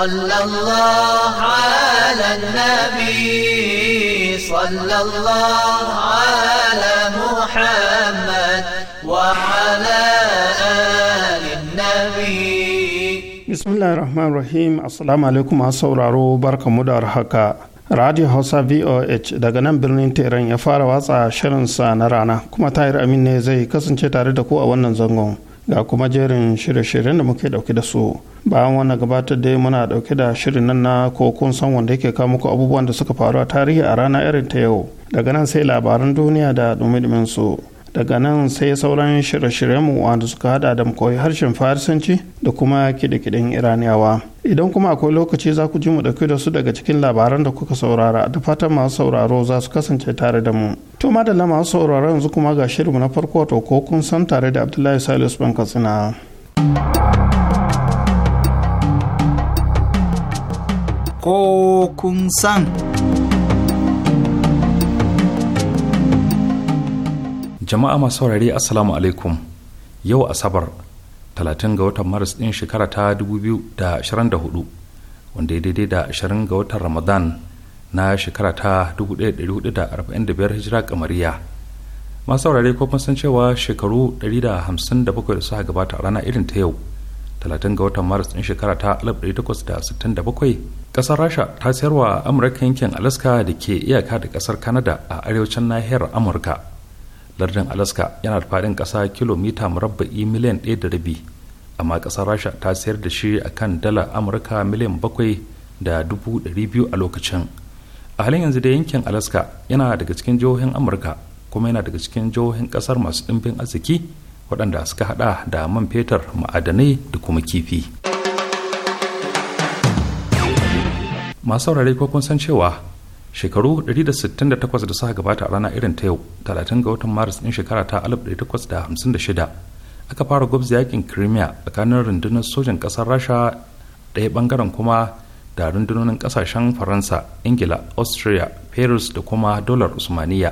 صلى الله على النبي صلى الله على محمد وعلى آل النبي بسم الله الرحمن الرحيم السلام عليكم مدار حكا Radio Hausa VOH daga nan birnin Teran ya fara watsa shirinsa na rana kuma Tahir Amin ne zai kasance tare da ku a wannan zangon. ga kuma jerin shirye-shiryen da muke dauke da su bayan wannan gabatar dai muna dauke da shirin nan na ko kun san wanda yake kawo muku abubuwan da suka faru a tarihi a rana irin ta yau daga nan sai labaran duniya da dumi su daga nan sai sauran shirye shiryen mu wanda suka hada da koyi harshen farisanci da kuma kidikidin iraniyawa idan kuma akwai lokaci za ku ji mu dauke da su daga cikin labaran da kuka saurara da fatan masu sauraro za su kasance tare da mu to madalla masu sauraro yanzu kuma ga shirinmu na farko to ko kun san tare da abdullahi salisu ban katsina ko kun san jama'a masu saurare assalamu alaikum yau asabar 30 ga watan maris din shekara ta 2024 wanda ya daidai da 20 ga watan ramadan na shekara ta 1445 hijira kamariya masu saurare ko san cewa shekaru 157 da suka gabata a rana irin ta yau 30 ga watan maris din shekara ta 1867 kasar rasha ta sayarwa amurka yankin alaska da ke iyaka da kasar canada a arewacin nahiyar amurka lardin alaska yana da faɗin ƙasa kilomita murabba'i miliyan ɗaya da rabi amma ƙasar rasha ta sayar da shi a kan dala amurka miliyan bakwai da dubu ɗari biyu a lokacin a halin yanzu da yankin alaska yana daga cikin jihohin amurka kuma yana daga cikin jihohin ƙasar masu ɗimbin arziki waɗanda suka haɗa da man fetur ma'adanai da kuma kifi masu saurari ko kun san cewa shekaru 168 da suka gabata a rana irin ta yau 30 ga watan maris din shekara ta 1856 aka fara gwabza yakin crimea tsakanin rundunar sojan ƙasar rasha ɗaya bangaren kuma da rundunonin kasashen faransa ingila austria paris da kuma dolar usmaniya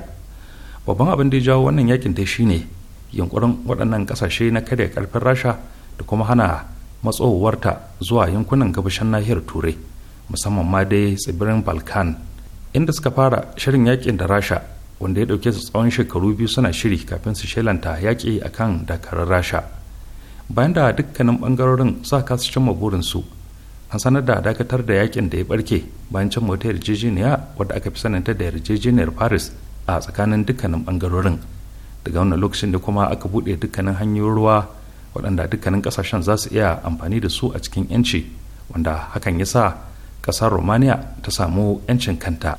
babban abin da ya jawo wannan yakin ta shine yunkurin waɗannan ƙasashe na karya ƙarfin rasha da kuma hana matsowarta zuwa yankunan gabashin nahiyar turai musamman ma dai tsibirin balkan inda suka fara shirin yakin da rasha wanda ya dauke su tsawon shekaru biyu suna shiri kafin su shelanta yaƙi a kan dakarar rasha bayan da dukkanin bangarorin sa kasu cimma burinsu an sanar da dakatar da yakin da ya barke bayan cin wata yarjejeniya wadda aka fi sananta da yarjejeniyar paris a tsakanin dukkanin bangarorin daga wannan lokacin da kuma aka buɗe dukkanin hanyoyin ruwa waɗanda dukkanin ƙasashen za su iya amfani da su a cikin 'yanci wanda hakan ya sa ƙasar romania ta samu 'yancin kanta.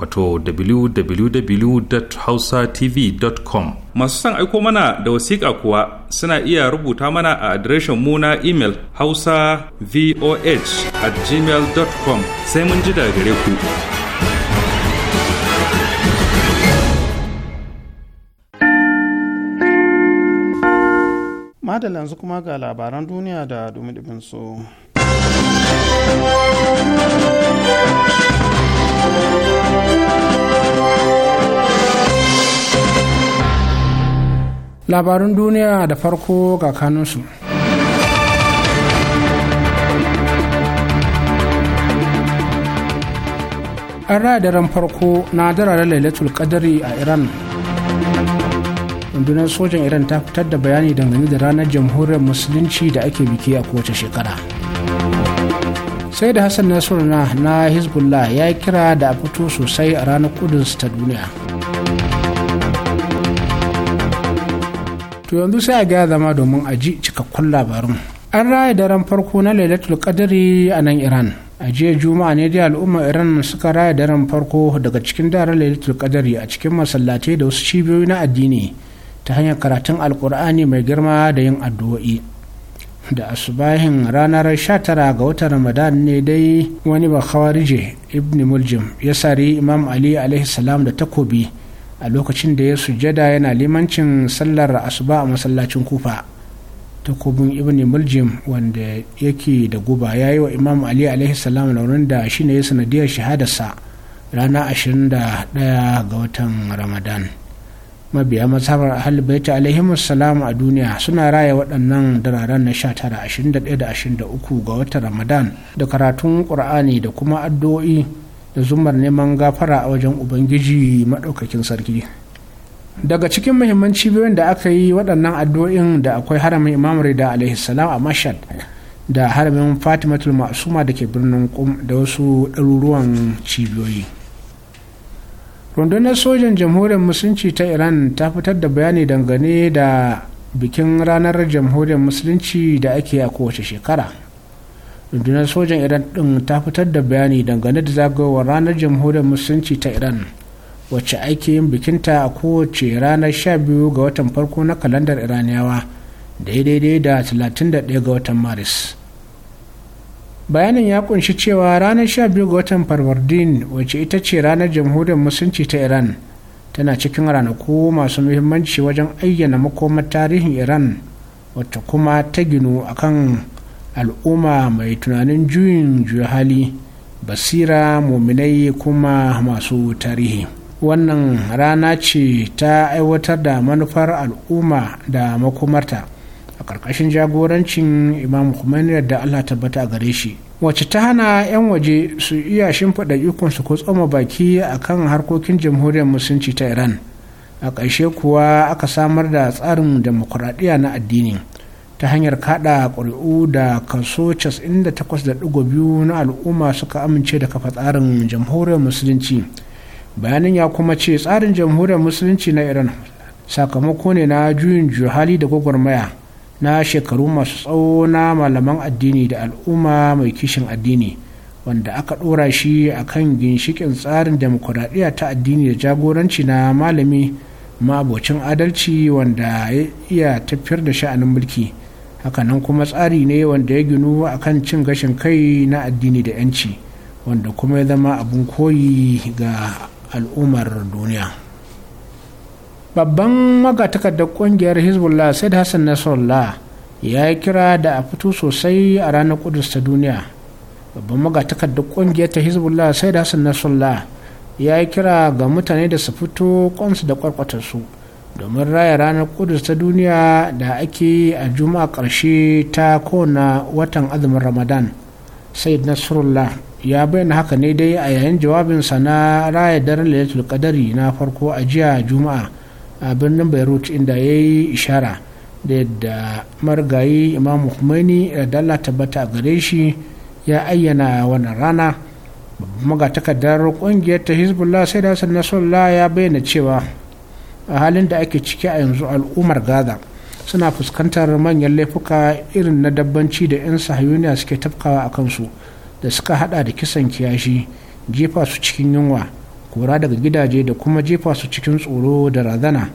wato www.hausatv.com masu son aiko mana da wasiƙa kuwa suna iya rubuta mana a adireshin mu na imel hausa voh at gmail.com sai mun ji daga gare ku madalla yanzu kuma ga labaran duniya da dumi so. labarun duniya da farko ga kanunsu an raya daren farko na dararen lailatul kadari a iran rundunar sojan iran ta fitar da bayani dangane da ranar jamhuriyar musulunci da ake biki a kowace shekara sai da hassan nasiru na hezbollah ya kira da a fito sosai a ranar kudus ta duniya to yanzu sai a gaya zama domin a ji cikakkun labarin an raya daren farko na lailatul qadri a nan iran a jiya juma'a ne dai al'ummar iran suka raya daren farko daga cikin daren lailatul qadri a cikin masallatai da wasu cibiyoyi na addini ta hanyar karatun alkur'ani mai girma da yin addu'o'i da asubahin ranar 19 ga watan ramadan ne dai wani khawarije ibn muljim ya sari imam ali alaihi salam da takobi a lokacin da ya sujada yana limancin sallar asuba a masallacin kufa takobin ibn muljim wanda yake da guba ya yi wa imam ali alaihi salam launin da shi ne ya sanadiyar shahadarsa rana 21 ga watan ramadan mabiya mazhabar ahal baita alaihi salam a duniya suna raya waɗannan dararen na 19 21 da 23 ga watan ramadan da karatun ƙur'ani da kuma addu'o'i da zumar neman gafara a wajen ubangiji maɗaukakin sarki daga cikin muhimman cibiyoyin da aka yi waɗannan addu'o'in da akwai haramin imam rida alaihi salam a mashad da haramin fatimatul masuma da ke birnin kum da wasu ɗaruruwan cibiyoyi rundunar sojan jamhuriyar musulunci ta iran ta fitar da bayani dangane da bikin ranar jamhuriyar musulunci da ake a kowace shekara rundunar sojan iran din ta fitar da bayani dangane da zagayowar ranar jamhuriyar musulunci ta iran wacce ake yin bikinta a kowace ranar 12 ga watan farko na kalandar iraniyawa daidai da 31 ga watan maris bayanin ya kunshi cewa ranar 12 ga watan farwardin wacce ita ce ranar jamhuriyar musulunci ta iran tana cikin ranaku masu muhimmanci wajen ayyana makomar tarihin iran wacce kuma ta ginu akan al'umma mai tunanin juyin juya hali basira muminai kuma masu tarihi wannan rana ce ta aiwatar da manufar al'umma da makomarta a ƙarƙashin jagorancin imam Khomeini da allah tabbata a gare shi wacce ta hana 'yan waje su iya shimfiɗa ikonsu ko tsoma baki a kan harkokin jamhuriyar musulunci ta iran a ƙarshe kuwa aka samar da tsarin demokuraɗiyya na addini ta hanyar kada ƙuri'u da kaso 98.2 na al'umma suka amince da kafa tsarin jamhuriyar musulunci bayanin ya kuma ce tsarin jamhuriyar musulunci na iran sakamako ne na juyin juhali da gwagwarmaya na shekaru masu tsawo na malaman addini da al'umma mai kishin addini wanda aka ɗora shi a kan ginshikin tsarin demokuraɗiyya ta addini da jagoranci na malami ma'abocin adalci wanda ya iya tafiyar da sha'anin mulki. hakanan kuma tsari ne wanda ya ginu a kan cin gashin kai na addini da 'yanci wanda kuma ya zama abin koyi ga al'ummar duniya babban magatakardar kungiyar hezbollah said hassan nasrallah ya yi kira da a fito sosai a ranar kudus ta duniya babban magatakardar kungiyar ta hezbollah said hassan nasrallah ya yi kira ga mutane da su fito kwansu da kwarkwatarsu su domin raya ranar kudus ta duniya da ake a juma'a ƙarshe ta kona watan azumin ramadan said nasrullah ya bayyana haka ne dai a yayin jawabinsa na raya daren lalatul qadari na farko a jiya juma'a a birnin beirut inda ya yi ishara da yadda marigayi imam khomeini da dalla tabbata gare shi ya ayyana wannan rana magatakardar kungiyar ta hezbollah sai da hassan ya bayyana cewa a halin da ake ciki a yanzu al'ummar gaza suna fuskantar manyan laifuka irin na dabbanci da 'yan sahayuniya suke tafkawa a kansu da suka hada da kisan kiyashi jefa su cikin yunwa kura daga gidaje da kuma jefa su cikin tsoro da razana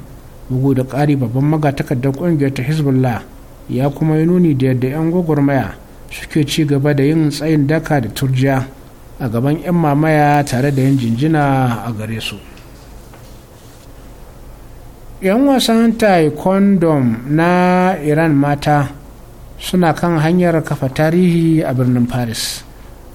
bugu da ƙari babban magatakardar ƙungiyar ta hezbollah ya kuma yi nuni da yadda 'yan gwagwarmaya suke ci gaba da yin tsayin daka da turjiya a gaban 'yan mamaya tare da yin jinjina a gare su. 'yan wasan taekwondo na iran mata suna kan hanyar kafa tarihi a birnin paris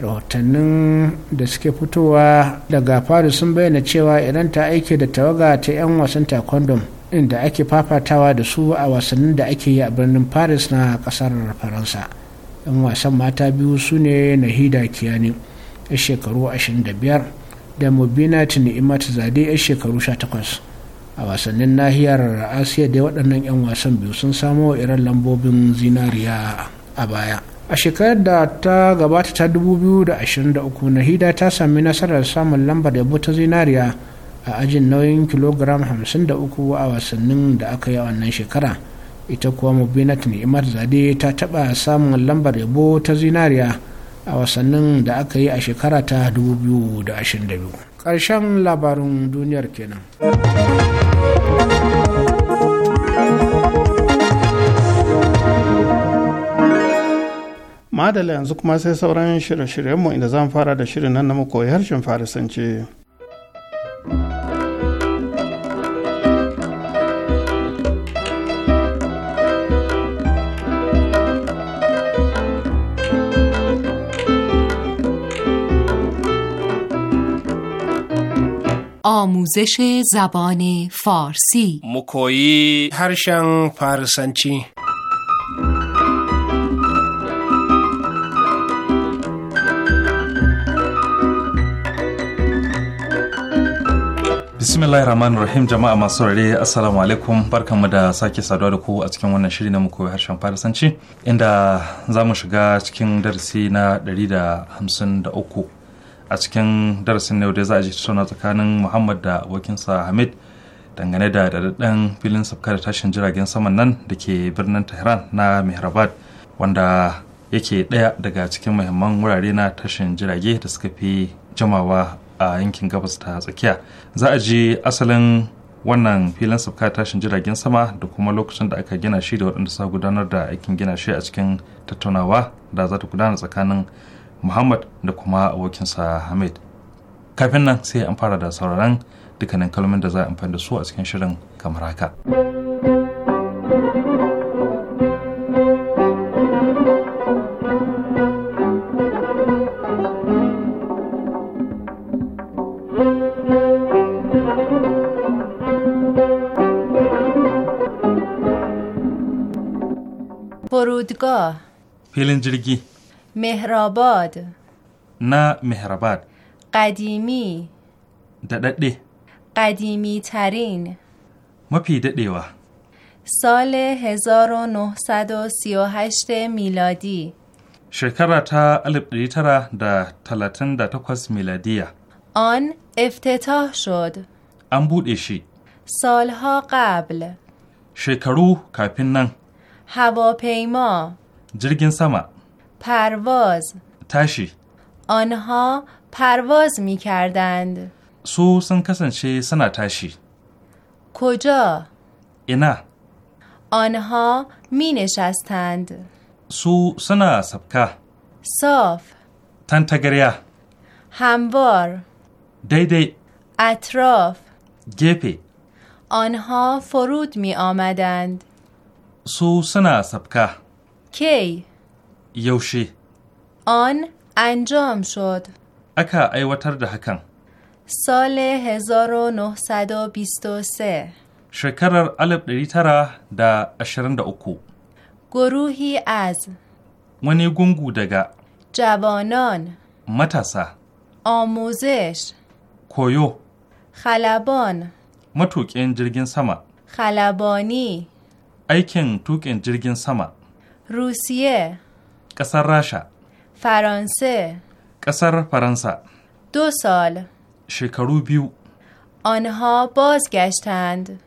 rahotannin da suke fitowa daga paris sun bayyana cewa iran ta aiki da tawaga ta 'yan wasan taekwondo inda ake fafatawa da su a wasannin da ake yi a birnin paris na kasar faransa 'yan wasan mata biyu su ne nahida kiyani shekaru 25 da mubina tuni zade a shekaru 18 a wasannin nahiyar asiya dai waɗannan 'yan wasan biyu sun samo irin lambobin zinariya a baya a shekarar da ta gabata ta 2023 nahida ta sami nasarar samun lambar yabo ta zinariya a ajin nauyin kilogram 53 a wasannin da aka yi wannan shekara ita kuwa mubinat ni'imar zade ta taɓa samun lambar yabo ta zinariya a wasannin da aka yi a shekara ta 2022 ƙarshen labarin duniyar kenan. madala yanzu kuma sai sauran shirye-shiryenmu inda zan fara da shirin nan na mu koyi harshen farisanci. آموزش زبان فارسی مکویی هرشن فارسنچی bismillahir rahmanir rahim jama'a masu rare assalamu alaikum barkanmu da sake saduwa da ku a cikin wannan shiri na mu harshen farisanci inda za mu shiga cikin darasi na 153 a cikin darasin na yau da za a ji tattauna tsakanin muhammad da abokinsa hamid dangane da daɗaɗɗen filin sabka da tashin jiragen saman nan da ke birnin tehran na mehrabad wanda yake ɗaya daga cikin muhimman wurare na tashin jirage da suka fi jimawa a yankin gabas ta tsakiya za a je asalin wannan filin sabka tashin jiragen sama da kuma lokacin da aka gina shi da waɗanda sa gudanar da aikin gina shi a cikin tattaunawa da za ta gudana tsakanin muhammad da kuma abokinsa hamid kafin nan sai an fara da sauraron dukkanin kalmomin da za a amfani da su a cikin shirin kamar haka. فرودگاه پلنجرگی مهراباد. مهرآباد نه مهرآباد قدیمی دددی قدیمی ترین ما مپی و سال 1938 میلادی شکره تا دیتره دا تلاتن دا تکوز آن افتتاح شد ام بود اشی سالها قبل شکرو کاپیننگ. هواپیما جرگن سما پرواز تشی آنها پرواز می کردند سو سن کسن چه سنا تشی کجا؟ اینا آنها می نشستند سو سنا سبکه صاف تگریه هموار دیدی اطراف گپی آنها فرود می آمدند سو سنا سبکه کی یوشی آن انجام شد اکا ایواتر ده هکن سال 1923 شکرر علب دری ترا دا اشرن دا گروهی از ونی گونگو دگا جوانان متاسا آموزش کویو خلبان متوک انجرگین جرگین سما خلبانی aikin tuƙin jirgin sama Rusiye. ƙasar rasha Faranse. ƙasar faransa دو shekaru biyu آنها بازگشتند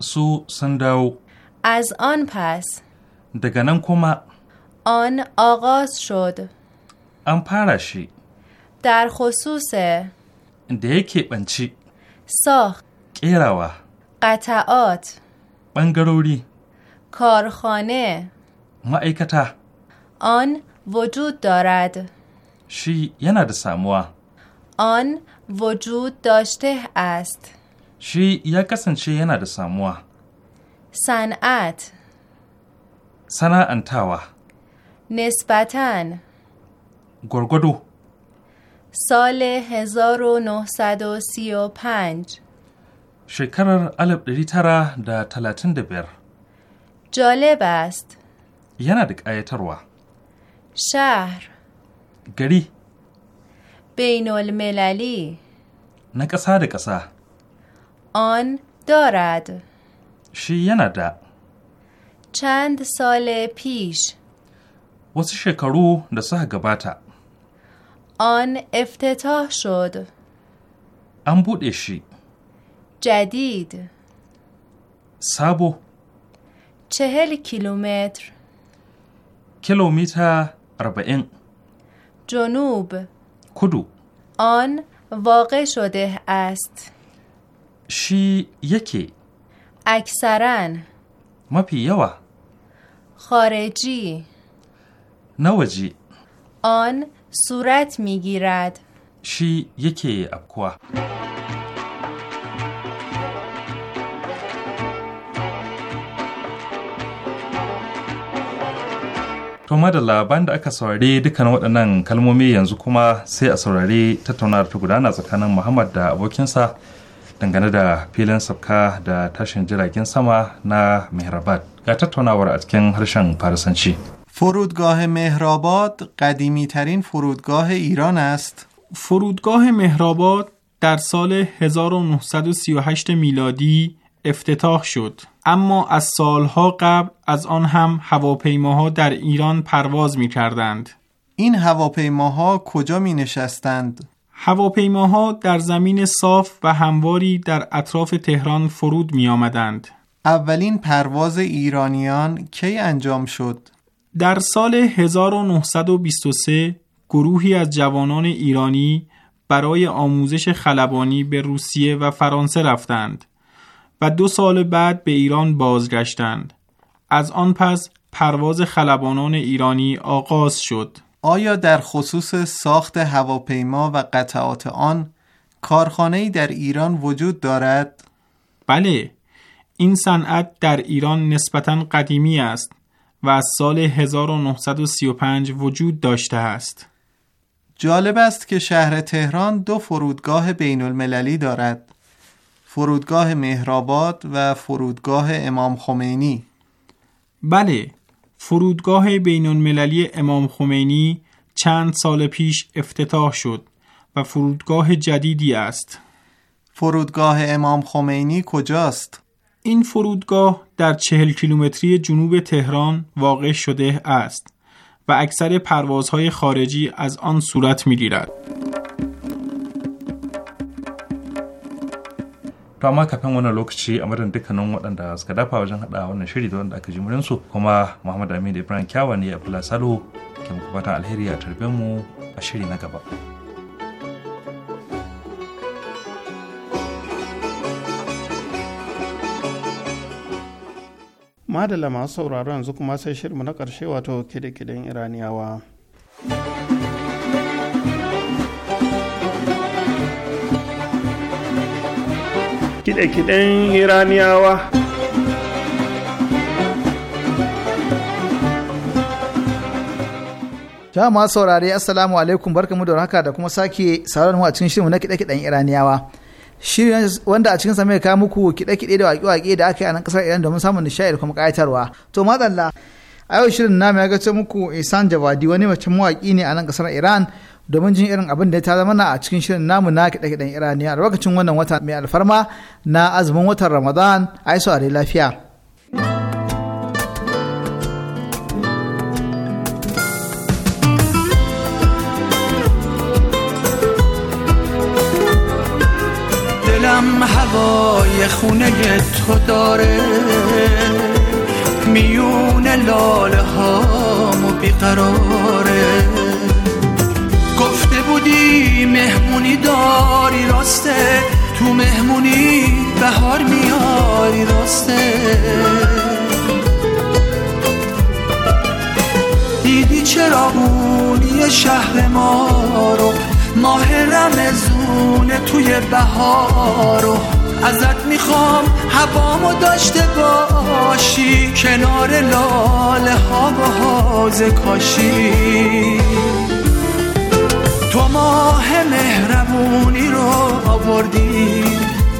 su sun dawo As on پس daga nan kuma On آغاز shod an fara shi در خصوص da yake banci. So. ƙerawa ot. ɓangarori کارخانه معیکتا آن وجود دارد شی یه د ساموا آن وجود داشته است شی یا کسنچه ینا د ساموا صنعت صنعانتاوا نسبتن گرگدو سال 1935 شکرر الب دیتارا در تلاتن جالب است یه ندک آیه تروا شهر گری بین المللی نکسا دکسا آن دارد شی یه نده چند سال پیش واسه شکرو دسته گباتا آن افتتاح شد ام بود جدید سابو چهل کیلومتر کیلومتر اربعین جنوب کدو آن واقع شده است شی یکی اکثرا ما پیوا خارجی نوجی آن صورت میگیرد شی یکی ابکوا To madalla bayan da aka saurari dukkan waɗannan kalmomi yanzu kuma sai a saurari tattaunawar ta gudana tsakanin Muhammad da abokinsa dangane da filin sabka da tashin jiragen sama na Mehrabad. Ga tattaunawar a cikin harshen Farisanci. فرودگاه مهرآباد قدیمی ترین فرودگاه ایران است. فرودگاه مهرآباد در سال 1938 میلادی افتتاح شد اما از سالها قبل از آن هم هواپیماها در ایران پرواز می کردند. این هواپیماها کجا می نشستند؟ هواپیماها در زمین صاف و همواری در اطراف تهران فرود می آمدند. اولین پرواز ایرانیان کی انجام شد؟ در سال 1923 گروهی از جوانان ایرانی برای آموزش خلبانی به روسیه و فرانسه رفتند. و دو سال بعد به ایران بازگشتند. از آن پس پرواز خلبانان ایرانی آغاز شد. آیا در خصوص ساخت هواپیما و قطعات آن کارخانه‌ای در ایران وجود دارد؟ بله، این صنعت در ایران نسبتا قدیمی است و از سال 1935 وجود داشته است. جالب است که شهر تهران دو فرودگاه بین المللی دارد. فرودگاه مهرآباد و فرودگاه امام خمینی بله فرودگاه بین المللی امام خمینی چند سال پیش افتتاح شد و فرودگاه جدیدی است فرودگاه امام خمینی کجاست؟ این فرودگاه در چهل کیلومتری جنوب تهران واقع شده است و اکثر پروازهای خارجی از آن صورت می‌گیرد. to amma kafin wannan lokaci a madadin dukkanin waɗanda suka dafa wajen haɗa wannan shiri da wanda aka ji murinsu kuma muhammad aminu ibrahim kyawa ne abdullahi salo ke muku fatan alheri a tarbe mu a shiri na gaba. madala masu sauraron yanzu kuma sai shirmu na karshe wato kide-kiden iraniyawa kiɗe-kiɗen iraniyawa Ta ma saurare assalamu alaikum barkamu da haka da kuma sake sauran mu a cikin shirin na kiɗe-kiɗen iraniyawa shirin wanda a cikin mai kawo muku kiɗe-kiɗe da waƙe-waƙe da aka yi a nan ƙasar iran domin samun nishaɗi da kuma ƙayatarwa to madalla a yau shirin namu ya gace muku isan jawadi wani mace mawaƙi ne a nan ƙasar iran domin jin irin abin da ya ta mana a cikin shirin namu na kiɗe-kiɗen iraniya a lokacin wannan wata mai alfarma na azumin watan ramadan a yi lafiya. دلم خونه تو داره میون لاله هامو بیقراره گفته بودی مهمونی داری راسته تو مهمونی بهار میاری راسته دیدی اونی شهر ما رو ماه رمزونه توی بهار ازت میخوام هوامو داشته باشی کنار لاله ها و حاز کاشی تو ماه مهربونی رو آوردی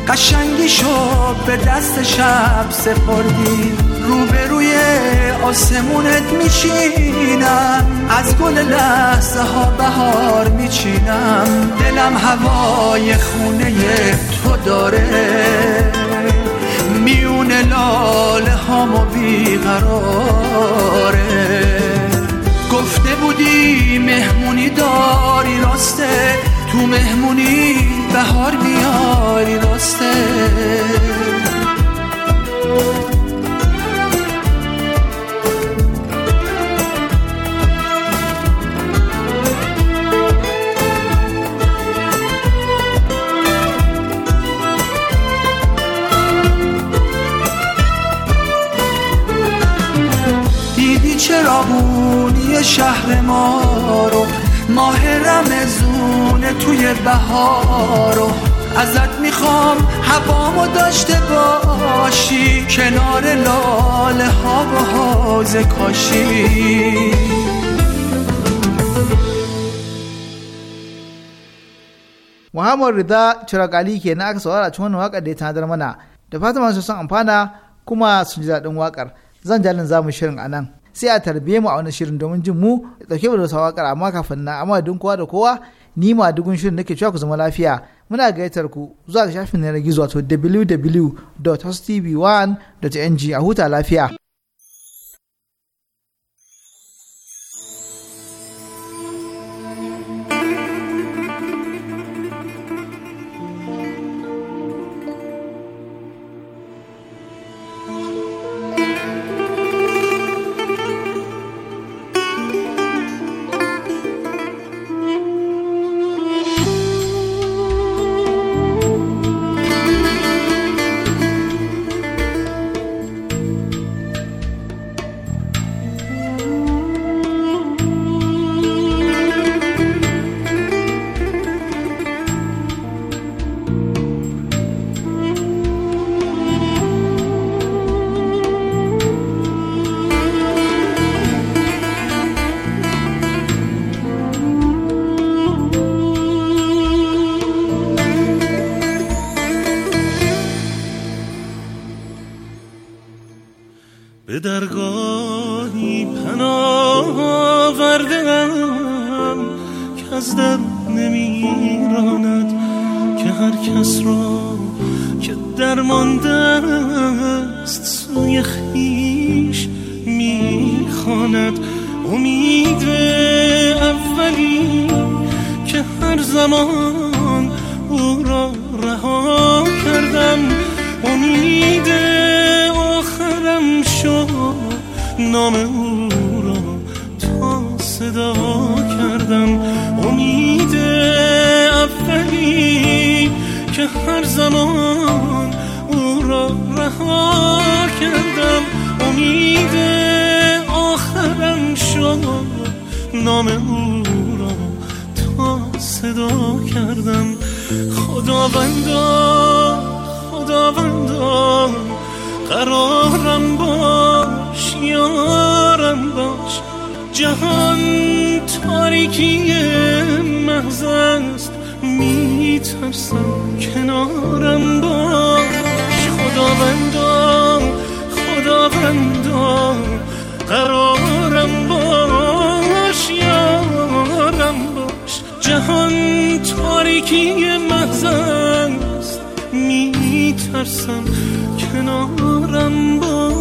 قشنگی شو به دست شب سپردی روبروی آسمونت میشینم از گل لحظه ها بهار میچینم دلم هوای خونه تو داره میون لاله هامو بیقراره گفته بودی مهمونی داری راسته تو مهمونی بهار میاری راسته چراغونی شهر ما رو ماه رمزونه توی بهارو ازت میخوام هوامو داشته باشی کنار لاله ها و حوزه کاشی Muhammad Rida Chiragali ke na aka saurara cikin wannan waƙar da ya tanadar mana da fatan masu sun amfana kuma sun ji daɗin waƙar zan jalin zamu shirin a nan sai a tarbiye mu a wani shirin domin jin mu dauke mu da wasu waƙar amma kafin na amma dun kowa da kowa ni ma dugun shirin nake cewa ku zama lafiya muna gayyatar ku zuwa ga shafin na gizo wato www.hostv1.ng a huta lafiya. هر کس را که درمانده است سوی خیش میخواند امید اولی که هر زمان او را رها کردم امید آخرم شد نام او را تا صدا کردم زمان او را رها کردم امید آخرم شد نام او را تا صدا کردم خداوندا خداوندا قرارم باش یارم باش جهان تاریکی محزن است میترسم کنارم باش خداوندام خداوندام قرارم باش یارم باش جهان تاریکی محزن است میترسم کنارم باش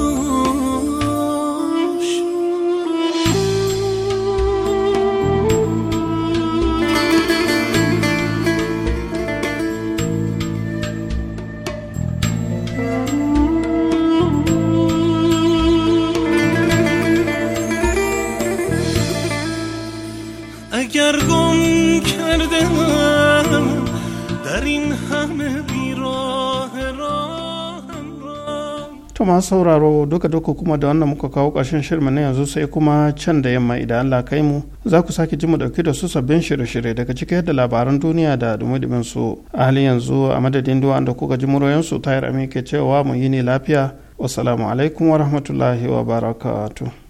سرگرگم کرده من در این همه بیراه را masu sauraro duka duka kuma da wannan muka kawo ƙarshen shirma na yanzu sai kuma can da yamma idan Allah kai mu za ku sake ji mu ɗauki da su sabbin shirye-shirye daga cikin yadda labaran duniya da dumudumin su a halin yanzu a madadin duwa da kuka ji muroyin su tayar amike cewa mu yi ne lafiya wassalamu alaikum wa rahmatullahi wa barakatuh